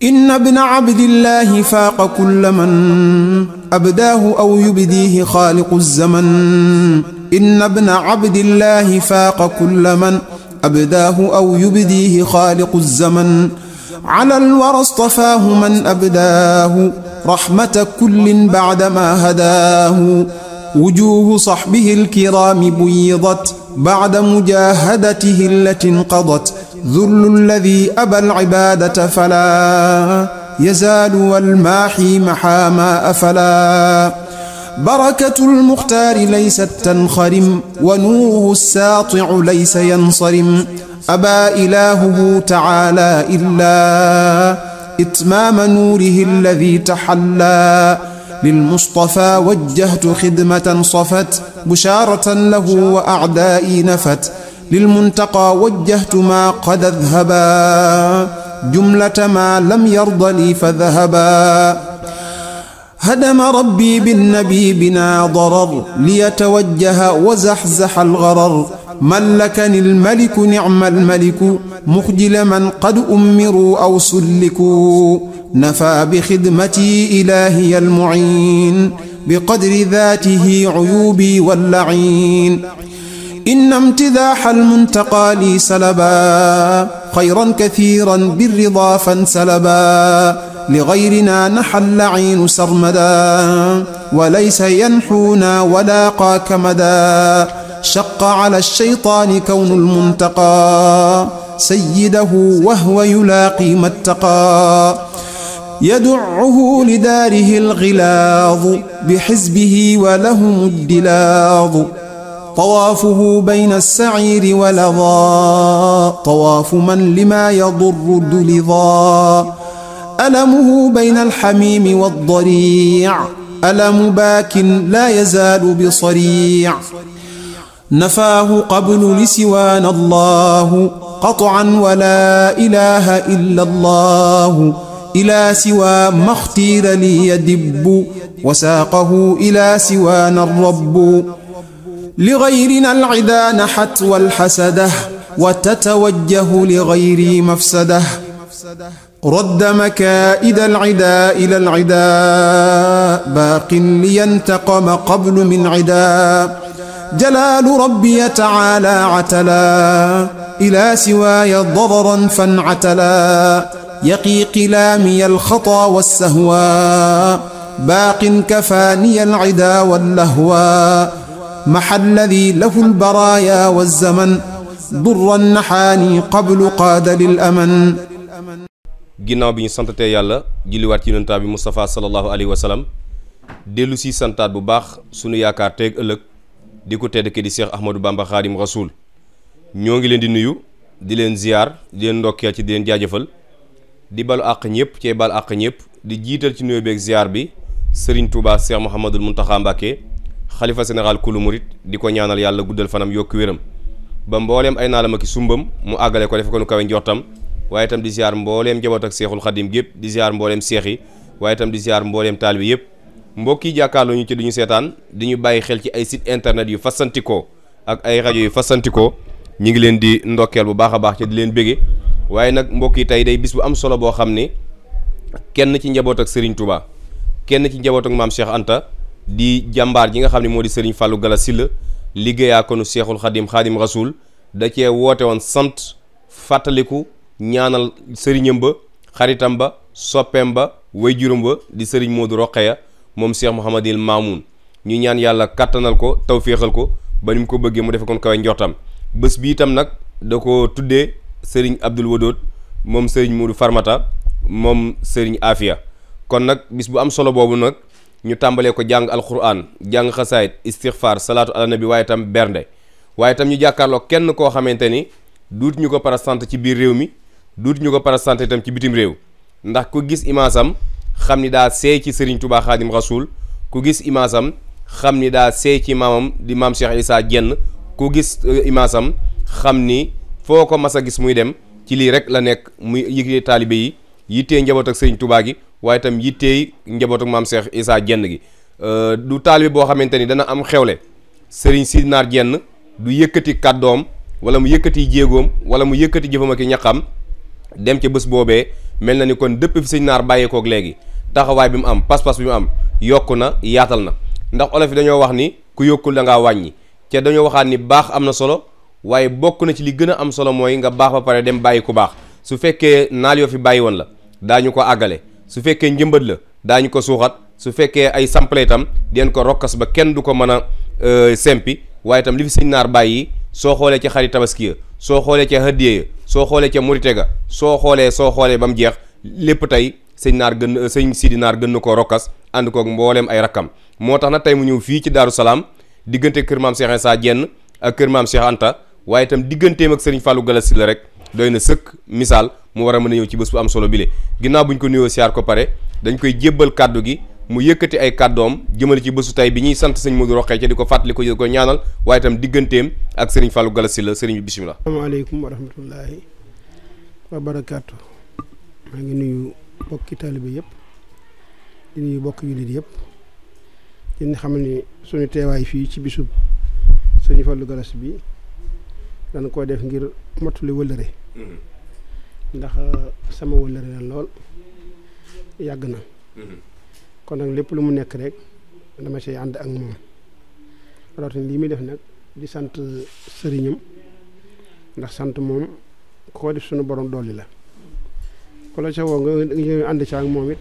inna bna abdillahi faaqa kulla man abdaahu aw yubdiihi xaaliqu zaman inna bna abdillahi faaqa kulla man abdaahu aw yubdiihi xaaliqu zaman alal wara stafaahu man abdaahu raxmata kullin bacdamaa hadaahu wujuuhu saxbihi alkiraami buyidat bacda mujaahadatihi allati inqadat ذل الذي أبى العبادة فلا يزال والماحي محا ما أفلا بركة المختار ليست تنخرم ونوره الساطع ليس ينصرم أبى إلهه تعالى إلا إتمام نوره الذي تحلى للمصطفى وجهت خدمة صفت بشارة له وأعدائي نفت للمنتقى وجهت ما قد اذهبا جملة ما لم يرض لي فذهبا هدم ربي بالنبي بنا ضرر ليتوجه وزحزح الغرر ملكني الملك نعم الملك مخجل من قد أمروا أو سلكوا نفى بخدمتي إلهي المعين بقدر ذاته عيوبي واللعين إن امتداح المنتقى لي سلبا خيرا كثيرا بالرضا فانسلبا لغيرنا نحل عين سرمدا وليس ينحونا ولا قاك مدى شق على الشيطان كون المنتقى سيده وهو يلاقي ما اتقى يدعه لداره الغلاظ بحزبه ولهم الدلاظ طوافه بين السعير ولظى طواف من لما يضر دلظى ألمه بين الحميم والضريع ألم باك لا يزال بصريع نفاه قبل لسوان الله قطعا ولا إله إلا الله إلى سوى ما اختير لي يدب وساقه إلى سوان الرب لغيرنا العدى نحت والحسده وتتوجه لغيري مفسده رد مكائد العدا إلى العدا باق لينتقم قبل من عدا جلال ربي تعالى عتلا إلى سواي ضررا فانعتلا يقي قلامي الخطا والسهوى باق كفاني العدا واللهوى maxa alladi lahu lbaraaya walzaman durra naxaani qablu qaadalil aman ginnaaw bi ñu santatee yàlla jilliwaat ci yonentaa bi Moustapha sallallahu alayhi wa sallam dellu si santaat bu baax sunu yaakaar teeg ëllëg di ko tedd ki di Cheikh Bamba Xaadim Rasuul ñoo ngi leen di nuyu di leen ziyaar di leen ndokkeel ci di leen jaajëfal di balu àq ñëpp cee balu àq ñëpp di jiital ci nuyoo beeg ziyaar bi Serigne Touba Cheikh Mouhamadul Mountakha Mbacké xalifa général kulu murit di ko ñaanal yàlla guddal fanam yokk wéram ba mbooleem ay naalam ak sumbam mu àggale ko def ko nu kawe njortam waaye itam di ziar mbooleem njaboot ak seexul xadim gépp di ziar mbooleem seex yi waaye itam di ziar mbooleem taalibe yëpp mbokk yi jàkkaarloo ñu ci duñu seetaan di ñu bàyyi xel ci ay site internet yu fassantikoo ak ay rajo yu fassantikoo ñu ngi leen di ndokkeel bu baax a baax ca di leen bége waaye nag mbokk yi tey day bis bu am solo boo xam ne kenn ci njaboot ak Serigne kenn ci njaboot ak maam Anta di jàmbaar ji nga xam ne moo di Serigne Fallou Gala Silla liggéeyaa konu Seexul Xadim Xadim Rasoul da cee woote woon sant fàttaliku ñaanal sëriñam ba xaritam ba soppeem ba waajuram ba di Serigne Modou Rokhaya moom seex Mouhamadil Mamoun ñu ñaan yàlla kattanal ko tawféexal ko ba ni mu ko bëggee mu defe kon kawe njortam bés bi itam nag da ko tuddee Serigne Abdoul Wadood moom Serigne Modou Farmata moom Serigne Afia kon nag bis bu am solo boobu nag ñu tàmbalee ko jàng alquran jàng xasaayit istixfaar salaatu ala nabi waaye itam bernde waaye tam ñu jàkkaarloo kenn koo xamante ni duut ñu ko para sant ci biir réew mi duut ñu ko para sant itam ci bitim réew ndax ku gis imaasam xam ni daa seey ci Serigne Touba Xaadim Rasuul ku gis imaasam xam ni daa seey ci maamam di maam Cheikh Issa jenn ku gis euh, imaasam xam ni foo ko mas a gis muy dem ci lii rek la nekk muy yëgle taalibe yi yittee njaboot ak sëñ tubaa gi waaye tam yittee njaboot ak maam Cheikh Issa jenn gi euh, du taalibe boo xamante ni dana am xewle sëriñ Sidinaar Diène du yëkkati kàddoom wala mu yëkkati jéegoom wala mu yëkkati jëfam ak ñaqam dem ca bés boobee mel na ni kon dëpp fi sëñ naar kook léegi taxawaay bi mu am pas-pas bi mu am yokk na yaatal na ndax olof yi dañoo wax ni ku yokkul da ngaa wàññi te dañoo waxaat ni baax am na solo waaye bokk na ci li gën a am solo mooy nga baax ba pare dem bàyyi ku baax su fekkee naal yoo fi bàyyi woon la daañu ko àggale su fekkee njëmbat la daañu ko suuxat su fekkee ay sample itam deen ko rokkas ba kenn du ko mën a euh, sempi waaye itam li fi sëñ naar bàyyi soo xoolee ca xari tabaski ya soo xoolee ca hëddiye ya soo xoolee ca murite ga soo xoolee soo xoolee ba mu jeex lépp tey sëñ naar gën euh, sëñ sii di naar gën na koo rokkas ànd koog mbooleem ay rakkam moo tax na tey mu ñëw fii ci daaru salaam diggante kër maam Cheikh saa jenn ak kër maam Cheikh Anta waaye itam digganteem ak sëriñ Fallou Gallas la rek doy na sëkk misaal mu war a mën a ñëw ci bés bu am solo bile ginnaaw buñ ko nuyoo siyaar ko pare dañ koy jébbal gi mu yëkkati ay kàddoom jëmale ci bésu tay bi ñuy sant sëñ Modou Rokhaya ko fàttali ko ko ñaanal waaye itam digganteem ak sëriñ Fallou Galass Syll la sëriñ bi bisimilah. asalaamaaleykum wa rahmatullahi wa barakaatu maa ngi nuyu bokki taalibe yëpp di nuyu bokki jullit yëpp di xam ni suñu teewaay fii ci bisub sëriñ fallu Galass bi dañ ko def ngir mottali wëllëre. Mm-hmm. ndax uh, sama wëllëre la lool yàgg na mm-hmm. kon nag lépp lu mu nekk rek dama ci ànd ak moom rawatina lii muy def nag di sant sëriñam ndax sant moom koo def sunu borom dolli la ku la ca woo nga nga ànd ca ak moom it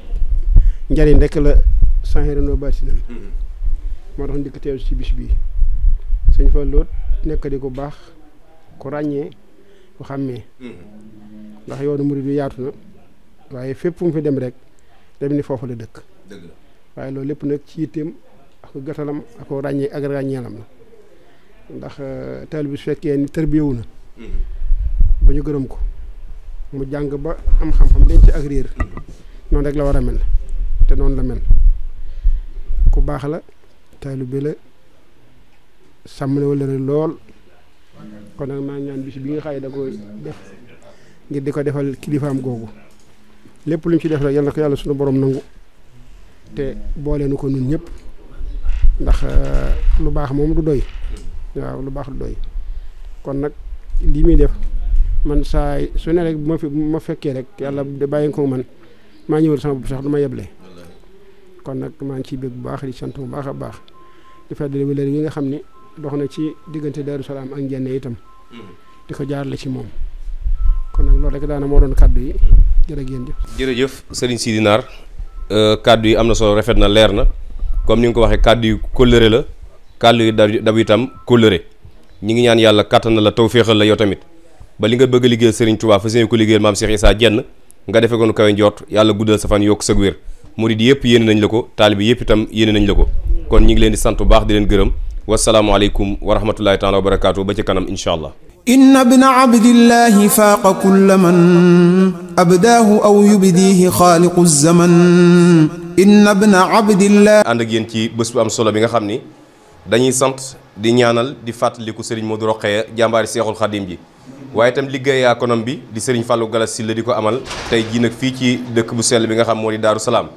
njariñ rek la sanhereno bâtinan mm-hmm. moo tax ndikk teew ci bis bii sëñ fa loot nekk di ku baax ku ràññee ku xàmmee mm-hmm. ndax yoonu murid bi yaatu na waaye fépp fu fi dem rek dem ni foofu la dëkk. waaye loolu lépp nag ci yitteem ak gàttalam ak ràññee ak ràññeelam la ndax euh, taalibe bi su fekkee ni tërbiyewu na. Mm-hmm. ba ñu gërëm ko mu jàng ba am xam-xam dañ ci ak réer mm-hmm. noonu rek la war a mel te noonu la mel ku baax la taalibe la sàmm na wala lool kon nag maa ngi ñaan bis bi nga xay da koy def. ngir di ko defal kilifaam googu lépp lu mu ci def rek yal na ko yàlla suñu borom nangu te boole nu ko nun ñëpp ndax euh, lu baax moom du doy waaw lu baax du doy kon nag lii muy def man saa su ne rek bu ma fi ma fekkee rek yàlla bàyyi ko man maa ñëwal sama bopp sax du ma yeble kon nag maa ngi ciy bég bu baax di sant bu baax a baax di fàttali wala yi nga xam ne dox na ci diggante Darou Salaam ak Njenne itam mm-hmm. di ko jaarale ci moom. loolu rek daana moo doon kàddu yi jërë ngeen jëf jërëjëf sëriñ Sidi Naar euh, kàddu yi am na soo rafet na leer na comme ni nga ko waxee kàddu yu kóllëre la kàddu yu dab tam kóllëre ñi ngi ñaan yàlla kàttan na la taw féexal la yow tamit ba li nga bëgg a liggéeyal sëriñ Tuubaa fa seen ko liggéeyal maam Cheikh Issa Diène nga defe koon kawe njort yàlla guddal sa fan yokk sa wér murid yëpp yéene nañ la ko taalibe yëpp itam yéene nañ la ko kon ñi ngi leen di sant bu baax di leen gërëm wasalaamualeykum wa rahmatullahi taala wa barakaatu ba ci kanam incha allah inna bna abdillahi faaqa kulla man abdaahu aw yubdiihi xaaliqu zaman inna bna abdillahi ànd ak yéen ci bés bu am solo bi nga xam ni dañuy sant di ñaanal di fàttaliku sëriñ Modou Rokhaya jàmbaari seexul xadim bi waaye itam liggéeyaa konam bi di sëriñ Fallou Galas Sylla di ko amal tey jii nag fii ci dëkk bu sell bi nga xam moo di Daaru Salaam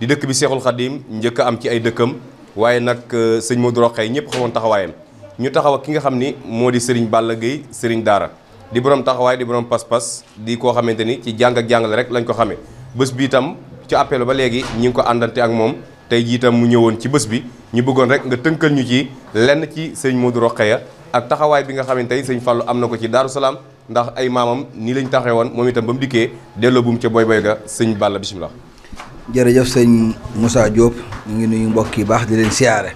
di dëkk bi seexul xadim njëkk a am ci ay dëkkam waaye nag euh, sëñ Modou Rokhaya ñëpp xamoon taxawaayam ñu taxaw ki nga xam ni moo di Serigne Balla Gueye Serigne Daara di borom taxawaay di borom pas-pas di koo xamante ni ci jàng ak jàngale rek lañ ko xamee bés bi itam ci appel ba léegi ñi ngi ko àndante ak moom tey jiitam mu ñëwoon ci bés bi ñu bëggoon rek nga tënkal ñu ci lenn ci sëñ Modou Rokhaya ak taxawaay bi nga xamante ni sëñ Fallou am na ko ci Daaru Salaam ndax ay maamam nii lañ taxee woon moom itam ba mu dikkee delloo buum ca boy boy ga sëñ Balla bisimilah. jërëjëf sëñ Moussa Diop ñu ngi nuyu mbokk yi baax di leen siyaare.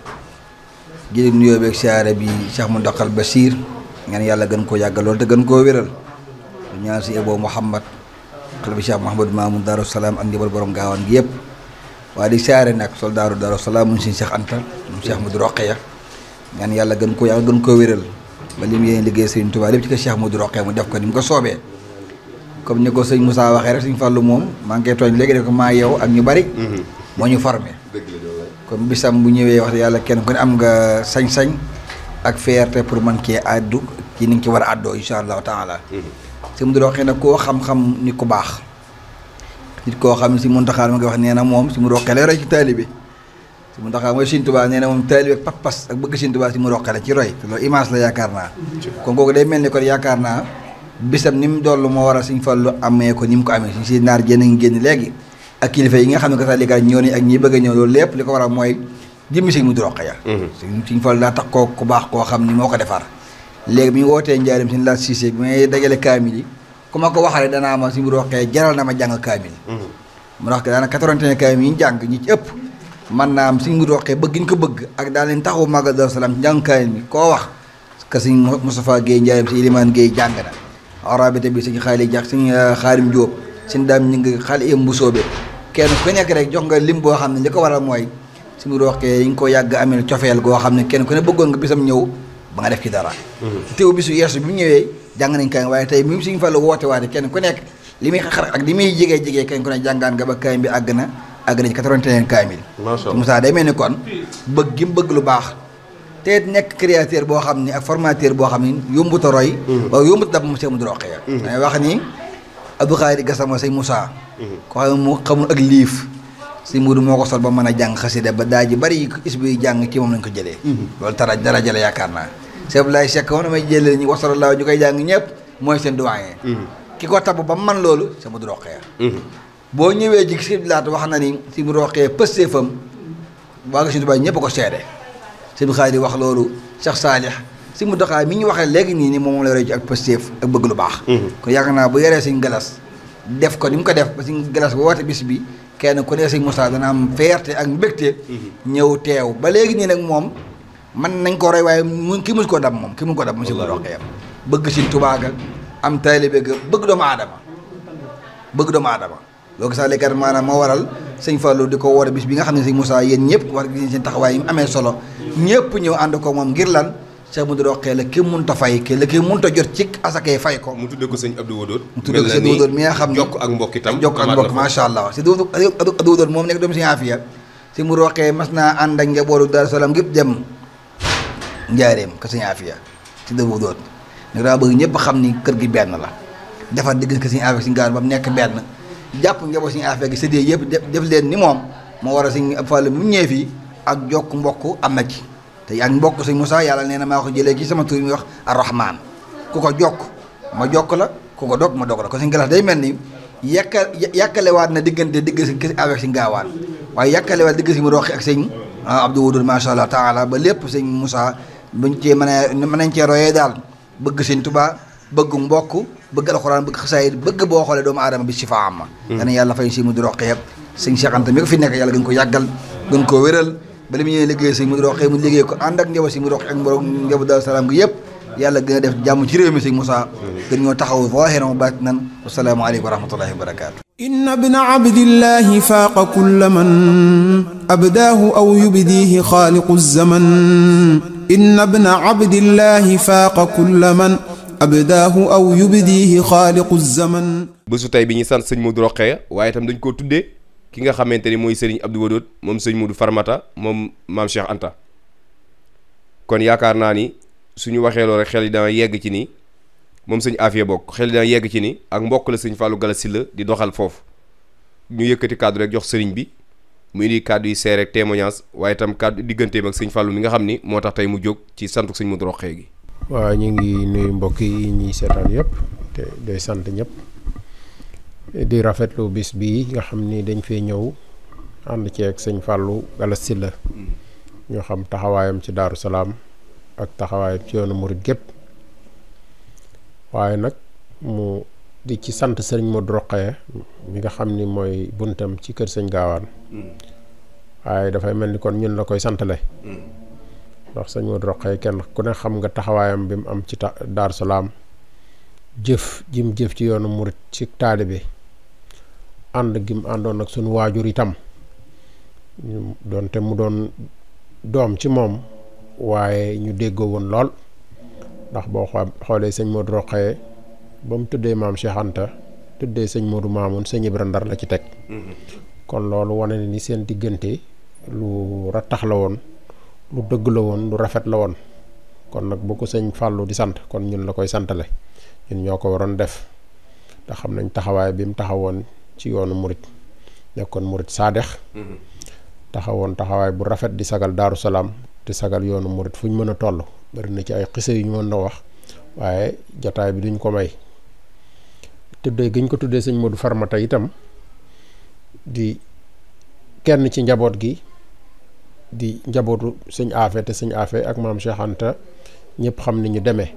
jëlee nuyoo beeg siyaare bi Cheikh Mountakhal Bachir ngeen yàlla gën koo yàggal lool te gën koo wéral du ñaan si Ebo Mouhamad xale bi Cheikh Mouhamad Mamoun Darou Salaam ak njëbal borom gaawaan gi yëpp waaye di siyaare nag soldaaru Darou Salaam mu si Cheikh Anta mu Cheikh Modou ya ngeen yàlla gën ko yàlla gën koo wéral ba li mu yéene liggéey Serigne Touba lépp ci ko Cheikh Modou Roqeya mu def ko ni mu ko soobee comme ni ko sëñ Moussa waxee rek sëñ Fallou moom maa maa yow ak ñu bari mhm. moo ñu formé comme bisam bu ñëwee wax yàlla kenn ku am nga sañ-sañ ak fierté pour man kii àddu kii ni nga ci war a àddoo incha allahu taala. Mm-hmm. sëñ bi doxee nag koo xam-xam ni ku baax. nit koo xam ne si muntaxaar wax nee moom si mu roqee la roy ci taalibe si muntaxaar mooy Sëñ Tuubaa nee na moom taalibe ak pas-pas ak bëgg Sëñ Tuubaa si mu roqee la ci roy te loolu image la yaakaar naa mm-hmm. kon kooku day mel ni kon yaakaar naa bisam ni mu doll moo waral Sëñ Fallu amee ko ni mu ko amee si naar jénn ngi génn léegi ak kilifa yi nga xam ne kasaalika ñoo ni ak ñi bëgg a ñëw loolu lépp li ko waral mooy jëmmi sëñ Mudu Roqaya mhm. sëñ Sëñ Fallu daa tax koo ku baax koo xam ni moo ko defar léegi bi ñu wootee njaarim sëñ Laat Siise bi may dajale kaamil yi ku ma ko waxale danaa ma sëñ Mudu Roqaya jaral na ma jàng kaamil mu wax ko daanaka 81 kaamil yi ñu jàng ñi ci ëpp man naa am sëñ Mudu Roqaya bëgg ñu ko bëgg ak daa leen taxawu Magal Daaru Salaam ci njàng kaamil mi koo wax que sëñ Moustapha Guèye njaarim sëñ Ilimaan Guèye jàng na arabité bi sëñ Xaali Jax sëñ euh, Xaarim Jóob suñ daam ñu ngi xal i mbusoobe kenn ku nekk rek jox nga lim boo xam ne li ko waral mooy suñu roxee yi nga ko yàgg amel cofeel goo xam ne kenn ku ne bëggoon nga bisam ñëw ba nga def dara mm-hmm. teew bisu yeesu bi mu ñëwee jàng nañ kaay waaye tey mi suñu fàllu woote waate kenn ku nekk li muy xar ak li muy jigee jigee kenn ku ne jàngaan nga ba kaay bi àgg na àgg nañ 81 kaamil Moussa day mel ne kon bëgg gi mu bëgg lu baax te nekk créateur boo xam ne ak formateur boo xam ne yombuta roy mm-hmm. waaw yombuta dab mu see mu droxee wax ni Abdou Khadre Gassama sëñ Moussa mhm. ko xam mu xamul ak liif si Moodu moo ko sol ba mën a jàng xasida ba daa ji bari isbi jàng ci moom nañ ko jëlee mhm. loolu tara dara jële yaakaar naa sëñ Abdoulaye Seck moom damay jëlee ñu wasalallaa ñu koy jàng ñëpp mooy seen doyen mhm. ki ko tabb ba man loolu sama Moodu Roqee boo ñëwee ji sëñ laat wax na ni sëñ Moodu Roqee pëstee fam waa nga suñu tubaab ñëpp ko seede sëñ Khadre wax loolu Cheikh Saalih si mu doxaay mi ñu waxee léegi nii ni moom la yore ci ak Pastef ak bëgg lu baax. Mhm. kon yaakaar naa bu yoree Sëñ Galas def ko ni mu ko def ba si Galas woote bis bi kenn ku ne Sëñ Moussa dana am fierté ak mbégte. Mhm. ñëw teew ba léegi nii nag moom man nañ ko waaye mu ki mu ko dab moom ki mu ko dab. waaw waaw mu bëgg Sëñ Tuubaa ga am taalibe ga bëgg doomu aadama bëgg doomu aadama. loolu sax léegi kat maanaam moo waral sëñ Fallou di ko woor bis bi nga xam ne sëñ Moussa yéen ñëpp war ngeen seen taxawaay yi mu amee solo mhm. ñëpp ñëw ànd ko moom ngir lan Cheikh Modou Rokhaya la kenn mënut a fay ke la kenn mënut a jot ci asakay fay ko. mu tuddee ko sëñ Abdou Wadoud. mu tuddee ko sëñ Wadoud mi nga xam ne jokk ak mbokk itam. jokk ak mbokk macha allah si Abdou Abdou Wadoud moom nekk doomu si Afia. si mu Rokhaya mas naa ànd ak njabootu Darou Salaam gépp dem Njaareem ka sëñ Afia si Abdou Wadoud nag daa bëgg ñëpp xam ni kër gi benn la defar digg ko sëñ Afia si ngaar ba mu nekk benn jàpp njaboot sëñ Afia gi séddee yëpp def leen ni moom moo war a sëñ Fallou mu ñëwee fii ak jokk mbokk am na ci te ak mbokk sëñ Moussa yàlla nee na maa ko jëlee ci sama tur mi wax arrahman ku ko jokk ma jokk la ku ko dog ma dog la kon sëñ Galas day mel ni yàkka yàkkalewaat na diggante digg si kese avec sëñ gaawaan waaye yàkkalewaat digg si mu roqi ak sëñ ah, Abdou Wadoud macha allah taala ba lépp sëñ Moussa buñ cee mën a mën nañ cee royee daal bëgg sëñ Tuubaa bëgg mbokk bëgg alxuraan bëgg xasaayid bëgg boo xoolee doomu aadama bi si fa am ma hmm. dana yàlla fay si mu di roqi yëpp sëñ fi nekk yàlla gën ko yàggal ba li mu ñëwee liggéey sëñ Modou Rokhaya mu liggéey ko ànd ak njaboot sëñ Modou Rokhaya ak mborom njaboot Daaru Salaam gi yëpp yàlla gën a def jàmm ci réew mi sëñ Moussa gën ñoo taxaw zaahiran wa baatinan wasalaamu aleykum wa rahmatullahi wa barakaatu inna bna abdillahi faaqa kulla man abdaahu aw yubdiihi xaaliqu zaman inna bna abdillahi faaqa kulla man abdaahu aw yubdiihi xaaliqu zaman bésu tey bi ñu sant sëñ Modou Rokhaya waaye itam dañ koo tuddee ki nga xamante ni mooy sëriñ Abdou Wadoud moom sëñ du Farmata moom maam Cheikh Anta kon yaakaar naa ni suñu waxee loolu rek xel yi dana yegg ci ni moom sëñ Afia bokk xel yi dana yegg ci ni ak mbokk la sëñ Fallou Galass Syll di doxal foofu ñu yëkkati kàddu rek jox sëriñ bi muy indi kàddu yi seere ak témoignage waaye tam kàddu digganteem ak sëñ Fallou mi nga xam ni moo tax tey mu jóg ci santuk sëñ Modou Rokhaya gi. waa ñu ngi nuyu mbokk yi ñuy seetaan yëpp te sant ñëpp. di rafetlu bis bi nga xam ni dañ fee ñëw ànd ceeg sëñ Fallou Galass Sylla ñu xam taxawaayam ci Daaru Salaam ak taxawaayam ci yoonu murit gépp waaye nag mu di ci sant sëñ mu Rokhaya mi nga xam ni mooy buntam ci kër sëñ Gaawaan waaye dafay mel ni kon ñun la koy santale ndax sëñ Modou Rokhaya kenn ku ne xam nga taxawaayam bi mu am ci Daaru jëf jim jëf ci yoonu murit ci taalibe ànd gi mu àndoon ak sunu waajur itam doonte mu doon doom ci moom waaye ñu déggoo woon lool ndax boo xoolee sëñ Modou Rokhaya ba mu tuddee maam Cheikh Anta tuddee sëñ Modou Mamoun sëñ Ibra Ndar la ci teg mm-hmm. kon loolu wane na ni seen diggante lu rattax la woon lu dëgg la woon lu rafet la woon kon nag bu ko sëñ Fallou di sant kon ñun la koy santale ñun ñoo ko waroon def te xam nañ taxawaay bi mu taxawoon ci yoonu murit nekkoon murit saadex taxawoon taxawaay bu rafet di sagal daaru salaam di sagal yoonu murit fu ñu mën a tollu bari na ci ay xise yu ñu mën na wax waaye jataay bi duñ ko may tuddee giñ ko tuddee sëñ Modou Farmata itam di kenn ci njaboot gi di njabootu sëñ Afe te sëñ Afe ak maam Cheikh Anta ñëpp xam ni ñu demee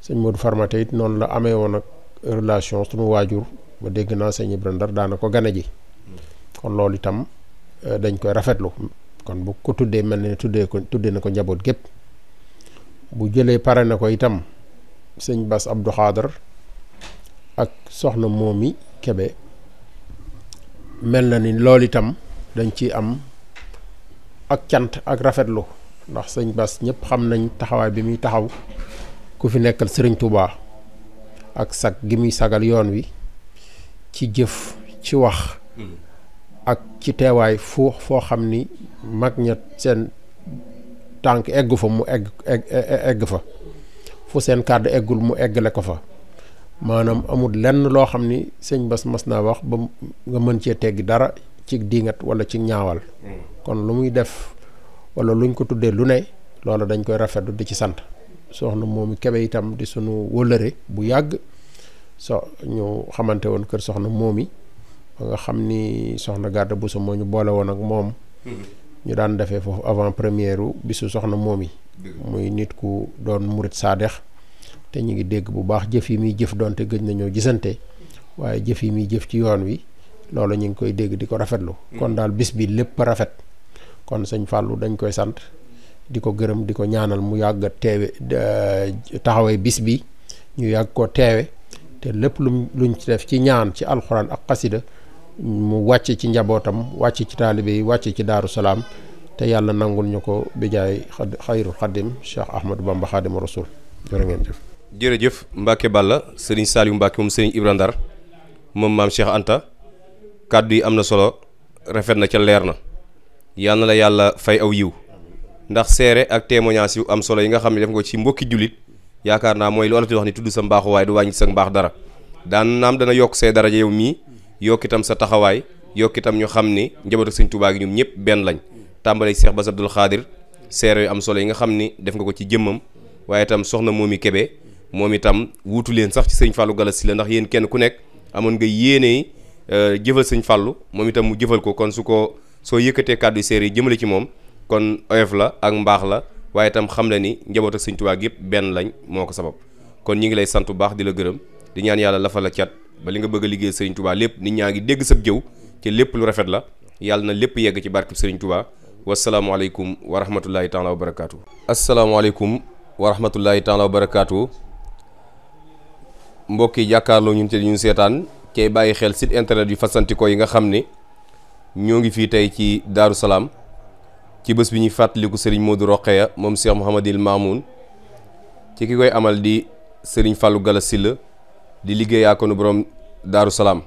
sëñ Modou Farmata it noonu la amee woon ak relation suma waajur ba dégg naa sëñ Ibra Ndar daana ko gane ji kon loolu itam euh, dañ koy rafetlu kon bu ko tuddee mel ne tuddee ko tuddee na ko njaboot gépp bu jëlee pare na ko itam sëñ Bass Abdou Khadr ak soxna Momi kebe mel na ni loolu itam dañ ci am ak cant ak rafetlu ndax sëñ bas ñëpp xam nañ taxawaay bi muy taxaw ku fi nekkal sëriñ Touba ak sag gi muy sagal yoon wi ci jëf ci wax ak ci teewaay foo foo xam ni mag ña seen tànk eggu fa mu egg egg fa fu seen kàddu eggul mu eggale ko fa maanaam amul lenn loo xam ni sëñ Bass mas naa wax ba nga mën cee teggi dara ci diingat wala ci ñaawal kon lu muy def wala luñ ko tuddee lu ne loolu dañ koy rafetlu di ci sant soxna moom Kébé itam di sunu wëllëre bu yàgg so ñu xamante woon kër soxna moomi ba nga xam ni soxna Garda Bousso moo ñu boole woon ak moom mm-hmm. ñu daan defee foofu avant première bisu soxna moom yi muy nit ku doon murit saadex te ñu ngi dégg bu baax jëf yi muy jëf doonte gëj nañoo gisante waaye jëf yi muy jëf ci yoon wi loolu ñu ngi koy dégg di ko rafetlu mm-hmm. kon daal bis bi lépp rafet kon sëñ fàllu dañ koy sant di ko gërëm di ko ñaanal mu yàgg teewe euh, taxawee bis bi ñu yàgg koo teewe te lépp lu luñ ci def ci ñaan ci alxuraan ak xasida mu wàcce ci njabootam wàcce ci taalibe yi wàcce ci daaru salaam te yàlla nangul ñu ko bijaay xayrul xadim Cheikh Ahmadou Bamba xaadimu rasul jërë jëf jërëjëf Mbacke Balla sëriñ Saliou Mbacke moom sëriñ Ibra Ndar moom maam Cheikh Anta kàddu yi am na solo rafet na ca leer na yal na la yàlla fay aw yiw ndax seere ak témoignage yu am solo yi nga xam ne def nga ko ci mbokki jullit yaakaar naa mooy lu olof di wax ni tudd sa mbaaxu waaye du wàññi sa mbaax dara daan naam dana yokk say daraja yow mii yokk itam sa taxawaay yokk itam ñu xam ni njabootu sañ Tuubaa gi ñoom ñëpp benn lañ tàmbalee Cheikh Bass Abdoul Khadir seere yi am solo yi nga xam ni def nga ko ci jëmmam waaye itam soxna Momy kebe moom itam wuutu leen sax ci sëñ Fallou Galass si la ndax yéen kenn ku nekk amoon nga yéene euh, jëfal sëñ fàllu moom itam mu jëfal ko kon su ko soo yëkkatee kàddu yi jëmale ci moom kon oyof la ak mbaax la waaye itam xam le ni njaboot ak sëñ Tuubaa yëpp benn lañ moo ko sabab kon ñi ngi lay sant bu baax di la gërëm di ñaan yàlla lafa la cat ba li nga bëgg a liggéey sëriñ Tuubaa lépp nit ñaa ngi dégg sab jëw ci lépp lu rafet la yàlla na lépp yegg ci barkeb sëriñ Tuubaa wasalaamualeykum wa rahmatullahi taala wa barakaatu. asalaamualeykum wa rahmatullahi taala wa barakaatu mbokk yi jàkkaarloo ñun te ñu seetaan cay bàyyi xel site internet yu fasantikoo yi nga xam ne ñoo ngi fii tey ci Daaru Salaam. ci bés bi ñuy fàttaliku sëriñ Modou Roqeya moom Cheikh Mouhamadil Mamoun ci ki koy amal di sëriñ falu Gala Sylla di liggéey akonu borom Daaru Salaam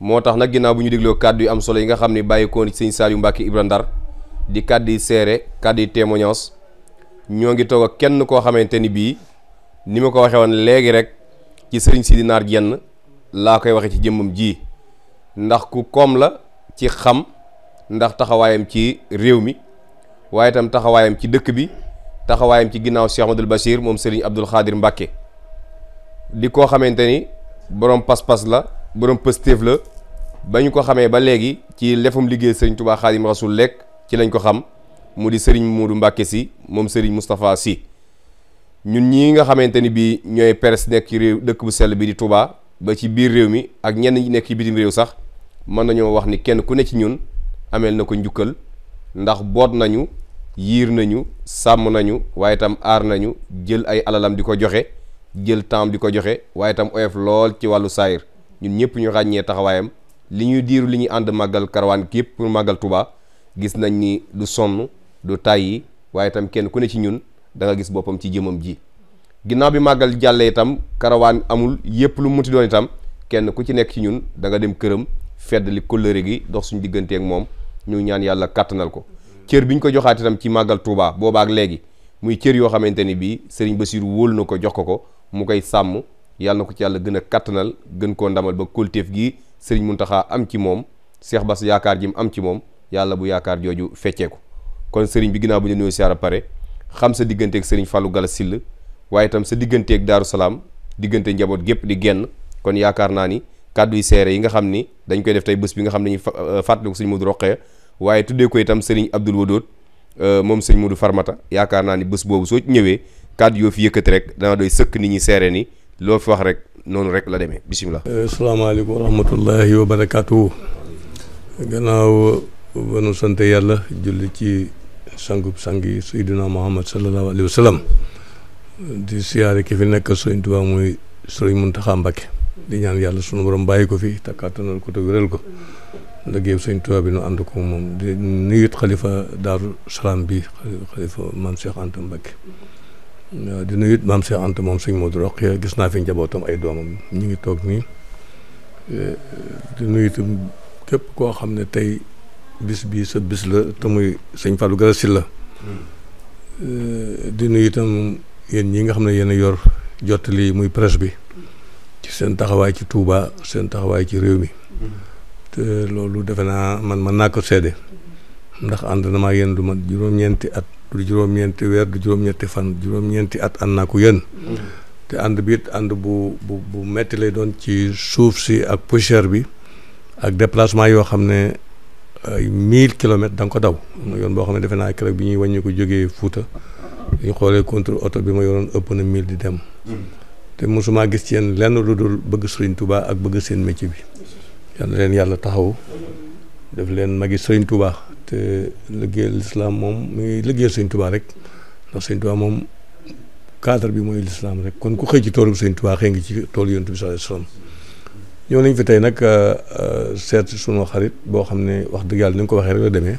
moo tax nag ginnaaw bu ñu dégloo kàddu yu am solo yi nga xam ne bàyyi koon ci sëñ Saliou Mbacke Ibra Ndar di kàddu yi seere kàddu yi témoignage ñoo ngi toog ak kenn koo xamante ni bii ni ma ko waxee woon léegi rek ci sëriñ si di Naar jenn laa koy waxe ci jëmmam jii ndax ku koom la ci xam ndax taxawaayam ci réew mi waaye itam taxawaayam ci dëkk bi taxawaayam ci ginnaaw Cheikh Ahmadul Bachir moom Serigne Abdoul Khadir Mbacke di koo xamante ni borom pas-pas la borom pëstéef la ba ñu ko xamee ba léegi ci lefum liggéey Serigne Touba Khadim Rasoul lekk ci lañ ko xam mu di sëriñ Modou Mbacke si moom Serigne Moustapha si ñun ñii nga xamante ni bii ñooy presse nekk ci réew dëkk bu sell bi di Touba ba ci biir réew mi ak ñenn ñi nekk ci bitim réew sax mën nañoo wax ni kenn ku ne ci ñun. ameel na ko njukkal ndax boot nañu yiir nañu sàmm nañu waaye itam aar nañu jël ay alalam di ko joxe jël temps di ko joxe waaye itam oyof lool ci wàllu saayir ñun ñëpp ñu ràññee taxawaayam li ñuy diiru li ñuy ànd màggal karawaan képp pour màggal tubaa gis nañ ni du sonn du tàyyi waaye itam kenn ku ne ci ñun da gis boppam ci jëmam ji ginnaaw bi màggal jàlle itam karawaan amul yëpp lu mu munti doon itam kenn ku ci nekk ci ñun da nga dem këram fedd li gi dox suñu digganteek moom ñu ñaan yàlla kàttanal ko cër bi ñu ko joxaat itam ci màggal Touba ak léegi muy cër yoo xamante ni bii Serigne Bassirou wóolu na ko jox ko ko mu koy sàmm yàlla ko ci yàlla gën a kàttanal gën koo ndamal ba kóolteef gii Serigne Mountakha am ci moom Cheikh Bass yaakaar ji mu am ci moom yàlla bu yaakaar jooju fecceeku kon Serigne bi ginnaaw bu ñu nuyoo siyaara pare xam sa digganteeg Serigne Fallou Gala Sill waaye sa digganteeg Daaru Salaam diggante njaboot gépp di genn kon yaakaar naa ni kàddu yi seere yi nga xam ni dañ koy def tey bés bi nga xam ne ñu fàttaliku Serigne Modou Rokhaya waaye tuddee ko itam sëriñ Abdul Wadood euh, moom sëñ Modou Farmata yaakaar naa ni bës boobu soo ñëwee kàddu yoo fi yëkkati rek dana doy sëkk nit ñi seere ni loo fi wax rek noonu rek la deme bisimilah. asalaamaaleykum euh, wa rahmatullahi wa barakaatu. gannaaw ba nu sant yàlla julli ci sangub sang yi sayyidina Muhammad sallallahu alayhi wa sallam di siyaare ki fi nekk sëriñ Tuubaa muy sëriñ Muntaxa Mbakke ñaan yàlla sunu borom bàyyi ko fi te kàttanal ko te wéral ko. liggéey Sëñ Tuubaa bi nu ànd ko moom di nuyut xalifa Daaru Salaam bi xalifa maam Cheikh Anta Mbacké di nuyut maam Cheikh Anta moom Sëñ Modou Rokhaya gis naa fi njabootam ay doomam ñu ngi toog nii eh, di nuyut képp koo xam ne tey bis bii sa bis la te muy Sëñ Fallou Galass Syll la eh, di nuyu itam yéen ñi nga xam ne yéen a yor jottali muy presse bi ci seen taxawaay ci tuubaa seen taxawaay ci réew mi te loolu defe naa man mën naa ko seede ndax ànd na maa lu du mat juróom-ñeenti at du juróom-ñeenti weer du juróom-ñetti fan juróom-ñeenti at ànd naa ko yéen te ànd bi it ànd bu bu bu metti lay doon ci suuf si ak poussière bi ak déplacement yoo xam ne ay mille kilomètres da ko daw yoon boo xam ne defe naa keroog bi ñuy wàññi ko jógee Fuuta ñu xoolee contre oto bi ma yoroon ëpp na mille di dem mm. te mosumaa gis ci yéen lenn lu dul bëgg Sëriñ Tuubaa ak bëgg seen métier bi yal na leen yàlla taxaw def leen magi sëriñ Touba te liggéeyal lislaam moom mu ngi liggéeyal sëriñ Touba rek ndax sëriñ Touba moom cadre bi mooy lislaam rek kon ku xëy ci toolu sëriñ Touba xëy ngi ci toolu yonent bi sallallahu alayhi fi tey nag euh, seet sunu xarit boo xam ne wax dëgg yàlla ni ko waxee rek la demee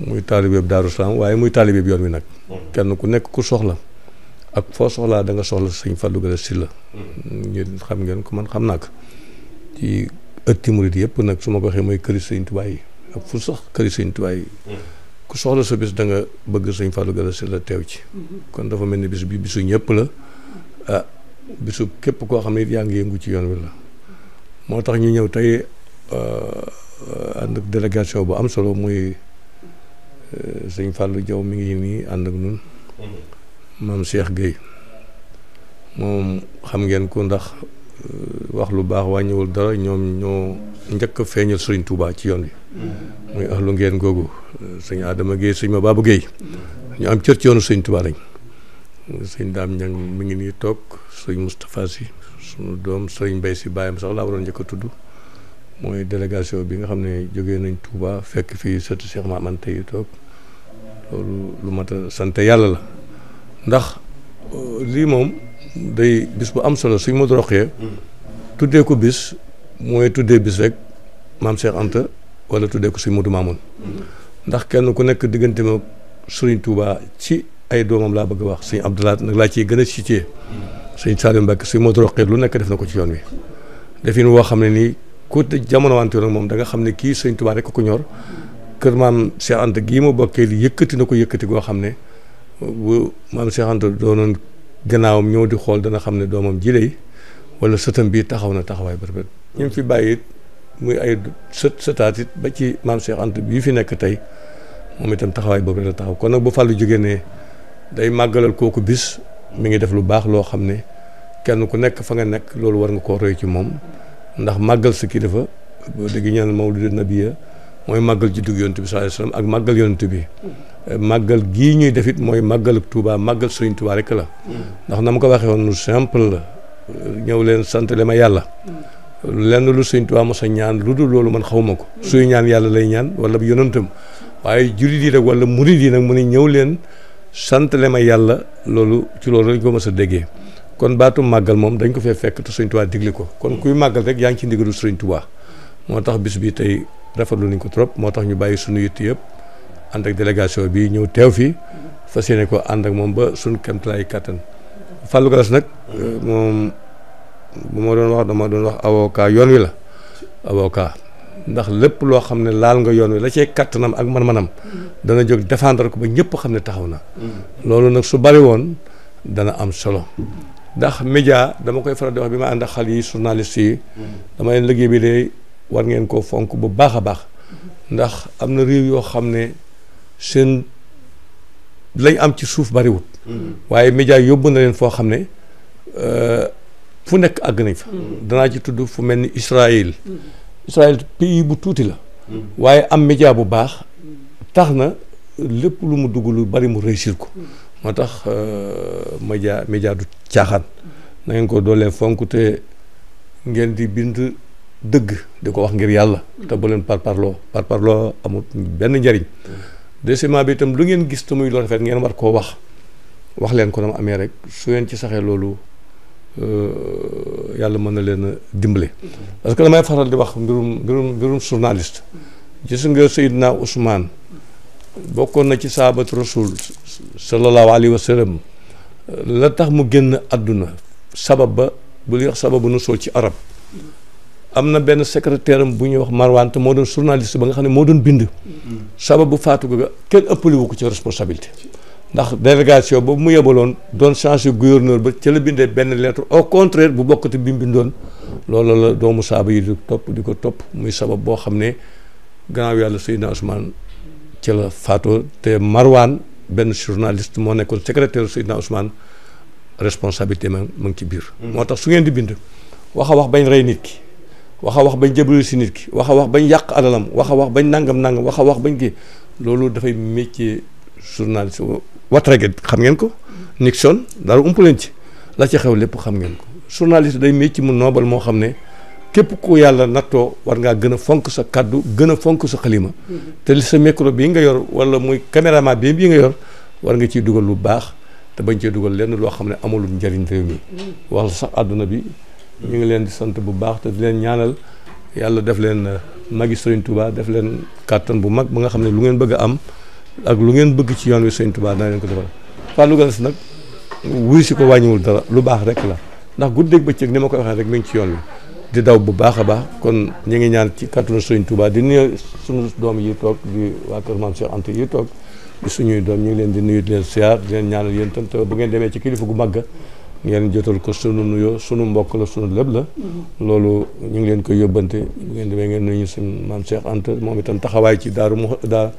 muy taalibeeb Daaru Salaam waaye muy taalibeeb yoon wi nag kenn ku nekk ku soxla ak foo soxlaa da nga soxla sëñ Fallou mm. xam ngeen ko man xam naa ko ëtti murit yëpp nag su ma ko waxee mooy këri sëñ Tuubaa yi ak fu sax këri sëñ Tuubaa yi mm-hmm. ku soxla sa bis danga nga bëgg sëñ Fallou Galass la teew ci mm-hmm. kon dafa mel ni bisu bi bisu ñëpp la ah bisu képp koo xam ne yaa ngi yëngu ci yoon wi la moo tax ñu ñëw tey euh, ànd délégation bu am solo muy euh, sëñ Fallou Diaw mi ngi nii ànd ak nun mm-hmm. maam Cheikh Gueye moom xam ngeen ko ndax Euh, wax lu baax wàññiwul dara ñoom ñoo njëkk a feeñal sëriñ Touba ci yoon bi muy ahlu ngeen googu sëñ Adama Guèye suñ ma Babou Guèye ñu am cër ci yoonu sëriñ Touba lañ sëñ Daam Ñang mu ngi nii toog sëñ mustafa si suñu doom sëriñ Mbay si bàyyam sax laa waroon njëkk tudd mooy délégation bi nga xam ne jógee nañ Touba fekk fii sëtu Cheikh Maamane tey toog loolu lu mat a sant yàlla la ndax euh, lii moom day bis bu am solo suñ Modou Rokhaya tuddee ko bis mooy tuddee bis rek maam Cheikh Anta wala tuddee ko suñ Modou Mamoun ndax kenn ku nekk diggante ma Serigne Touba ci ay doomam laa bëgg a wax suñ Abdoulaye nag laa ciy gën a cité suñ Saliou Mbacke suñ Modou Rokhaya lu nekk def na ko ci yoon wi defin woo xam ne nii ku jamono wante nag moom da nga xam ne kii Serigne Touba rek ko ñor kër maam Cheikh gii ma bokkee li yëkkati na ko yëkkati goo xam ne bu maam Cheikh gannaawam ñëw di xool dana xam ne doomam ji dey wala sëtam bii taxaw na taxawaay ba ñu ñi fi bàyyi muy ay sët sëtaat it ba ci maam Cheikh bi bii fi nekk tey moom itam taxawaay boobu la taxaw kon nag bu fàllu jógee ne day màggalal kooku bis mu ngi def lu baax loo xam ne kenn ku nekk fa nga nekk loolu war nga koo roy ci moom ndax màggal sa kilifa boo dégg ñaan Mawlidun Nabiyya mooy màggal ji dugg yonent bi sallallahu alayhi wasallam ak màggal yonent bi màggal gii ñuy defit mooy màggal tuubaa màggal Sëriñ Touba rek la ndax na ma ko waxee woon lu simple la ñëw leen sant le ma yàlla lenn lu Sëriñ Touba mos ñaan lu dul loolu man xawma ko suy ñaan yàlla lay ñaan wala yonantam waaye jurit yi rek wala murit yi nag mu ne ñëw leen sant le ma yàlla loolu ci loolu lañ ko mos a déggee kon baatu màggal moom dañ ko fee fekk te Sëriñ Touba ko kon kuy màggal rek yaa ngi ci ndigalu Sëriñ Touba moo tax bis bi tey rafetlu nañ ko trop moo tax ñu bàyyi suñu yitt yëpp ànd ak délégation bii ñëw teew fii fa yéene ko ànd ak moom ba suñ kemtalaay kattan Fallou Galass nag euh, moom bu ma doon wax dama doon wax avocat yoon wi la avocat ndax lépp loo xam ne laal nga yoon wi la cee kàttanam ak man-manam dana jóg défendre ko ba ñëpp xam ne taxaw na loolu nag su bari woon dana am solo ndax média dama koy faral di wax bi ma ànd ak xal yi journaliste yi dama leen liggéey bi de war ngeen koo fonk bu baax a baax ndax am na réew yoo xam ne seen lañ am ci suuf bariwut mm-hmm. waaye média yóbbu na leen foo xam ne euh, fu nekk àgg nañ fa mm-hmm. danaa ci tudd fu mel ni Israël mm-hmm. Israël pays bu tuuti la waaye am média bu baax tax na lépp lu mu dugg lu bari mu réussir ko moo tax euh, média média du caaxaan na ngeen ko doolee fonk te ngeen di bind dëgg di ko wax ngir yàlla te bu leen par par parparloo amut benn njariñ deuxièmement bi itam lu ngeen gis te muy lu rafet ngeen war koo wax wax leen ko dama amee rek su ngeen ci saxee loolu euh, yàlla mën na leen a dimbale. parce que damay faral di wax mbirum mbirum mbirum journaliste. gis nga Seydina Ousmane bokkoon na ci saabat rasul sallallahu alayhi wa sallam la tax mu génn àdduna sabab ba bu ñuy wax sababu nu sol ci arab am na benn secrétaire bu ñuy wax Marwante moo doon journaliste ba nga xam ne moo doon bind. sababu faatu ga kenn ëpp wu ko ci responsabilité. ndax délégation boobu mu yebaloon doon yu gouverneur ba ca la bindee benn lettre au contraire bu bokkute bi mu bindoon loolu la doomu saaba yi di topp di ko topp muy sabab boo xam ne gannaaw yàlla Seydina Ousmane ci la faatoo te Marwan benn journaliste moo nekkoon secrétaire Seydina Ousmane responsabilité ma mu ngi ci biir. Mm. moo tax su ngeen di bind a wax nit ki. wax a wax bañ jëbëru si nit ki wax a wax bañ yàq alalam wax a wax bañ nangam nangam wax a wax bañ kii loolu dafay métier journaliste Watergate xam ngeen ko. Nixon dara ump leen ci la ci xew lépp xam ngeen ko journaliste day métier mu noobal moo xam ne képp ku yàlla nattoo war ngaa gën a fonk sa kàddu gën a fonk sa xalima. Mm-hmm. te sa micro bii nga yor wala muy caméraman bi bii nga yor war nga ciy dugal lu baax te bañ cee dugal lenn loo xam ne amulul njëriñ réew mi. Mm-hmm. ñu ngi leen di sant bu baax te di leen ñaanal yàlla def leen yi euh, Sëriñ Touba def leen kattan bu mag ba nga xam ne lu ngeen bëgg a am ak lu ngeen bëgg ci yoon wi Sëriñ Touba dana leen ko defal Fallou Galass nag wuy si ko wàññiwul dara lu baax rek la ndax guddeeg bëccëg ni ma ko waxee rek mi ngi ci yoon wi di daw bu baax a kon ñu ngi ñaan ci kàttanu Sëriñ Touba di nuyu suñu doom yi toog di waa Kër Maam Cheikh Anta yi doom ñu ngi leen di nuyu di leen siyaar di leen ñaanal yéen tam te bu ngeen demee ci kilifa gu màgg ngeen jotal ko sunu nuyoo sunu mbokk la sunu lépp la. Mm-hmm. loolu ñu ngi leen koy yóbbante bu ngeen demee ngeen nuyu suñu maam Cheikh Anta moom itam taxawaay ci daaru mu daa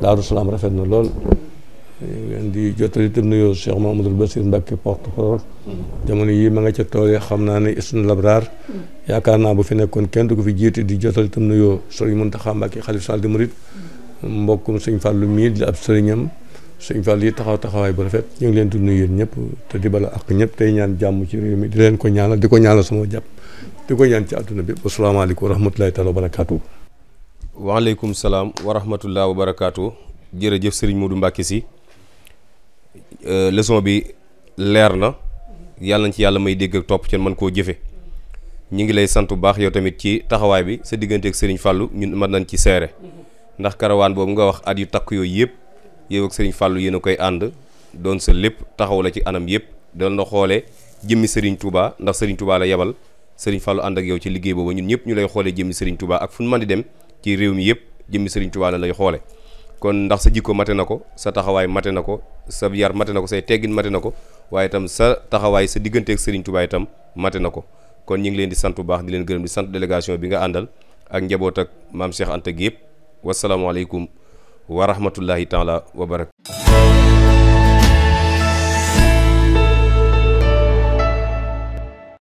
daaru salaam rafet na lool. ñu ngi leen di jotal itam nuyoo Cheikh Mamadou Bassir Mbacke porte-parole. Mm-hmm. jamono yii ma nga ca tool yi xam naa ne Ismaïl Labraar. Mm-hmm. yaakaar naa bu fi nekkoon kenn du ko fi jiite di jotal itam nuyoo Serigne Mountakha Mbacke xalif Sall di murit mbokkum sëñ Fallou mii di ab sëriñam. sëñ Fall yi taxaw taxawaay bu rafet ñu ngi leen di nuyu yéen ñëpp te di bala ak ñëpp tey ñaan jàmm ci réew mi di leen ko ñaanal di ko ñaanal sama jàpp di ko ñaan ci àdduna bi asalaamaaleykum wa rahmatulahi taala wa barakaatu. waaleykum salaam wa rahmatulah wa barakaatu jërëjëf sëriñ Modou Mbacke si euh, leson bi leer na yàlla nañ ci yàlla may dégg ak topp ci man koo jëfe ñu ngi lay sant bu baax yow tamit ci taxawaay bi sa diggante ak sëriñ Fallou ñun mën nañ ci seere ndax karawaan boobu nga wax at yu takk yooyu yëpp. yow ak sëriñ fàllu yéen a koy ànd doon sa lépp taxaw la ci anam yëpp doon na xoolee jëmmi sëriñ Touba ndax sëriñ Touba la yebal sëriñ Fallou ànd ak yow ci liggéey boobu ñun ñëpp ñu lay xoolee jëmmi sëriñ Touba ñu mën di dem ci réew mi yëpp jëmmi sëriñ Touba la lay xoole kon ndax sa jikko mate na ko sa taxawaay mate na ko sa yar mate na ko say teggin mate na ko waaye itam sa taxawaay sa digganteeg sëriñ Touba itam mate na ko kon ñu ngi leen di sant bu baax ni leen gërëm di sant délégation bi nga àndal a njaboot ak maam Cheikh Anta gi yëpp wasalaamaaleykum wa rahmatullahi taala wa barakatu